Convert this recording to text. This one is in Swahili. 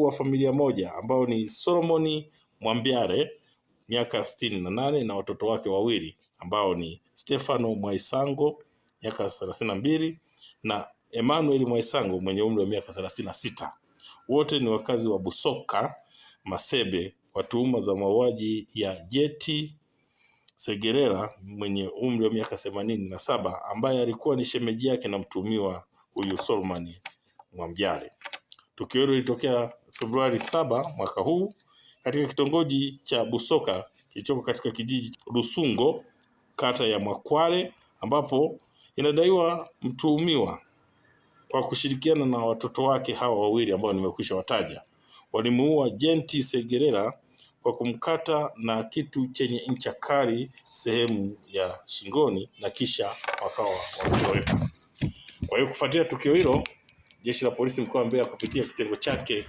wa familia moja ambao ni Solomon Mwambyare miaka sitini na nane na watoto wake wawili ambao ni Stefano Mwaisango miaka thelathini na mbili na Emmanuel Mwaisango mwenye umri wa miaka thelathini na sita. Wote ni wakazi wa Busoka Masebe kwa tuhuma za mauaji ya Jeti Segerera mwenye umri wa miaka themanini na saba ambaye alikuwa ni shemeji yake na mtumiwa huyu Solomon Mwambyare. Tukio hilo lilitokea Februari saba mwaka huu katika kitongoji cha Busoka kilichoko katika kijiji Rusungo kata ya Mwakwale ambapo inadaiwa mtuhumiwa kwa kushirikiana na watoto wake hawa wawili ambao nimekwisha wataja walimuua Jenti Segerera kwa kumkata na kitu chenye ncha kali sehemu ya shingoni na kisha wakawa wametoweka. Kwa hiyo kufuatia tukio hilo Jeshi la Polisi mkoa wa Mbeya kupitia kitengo chake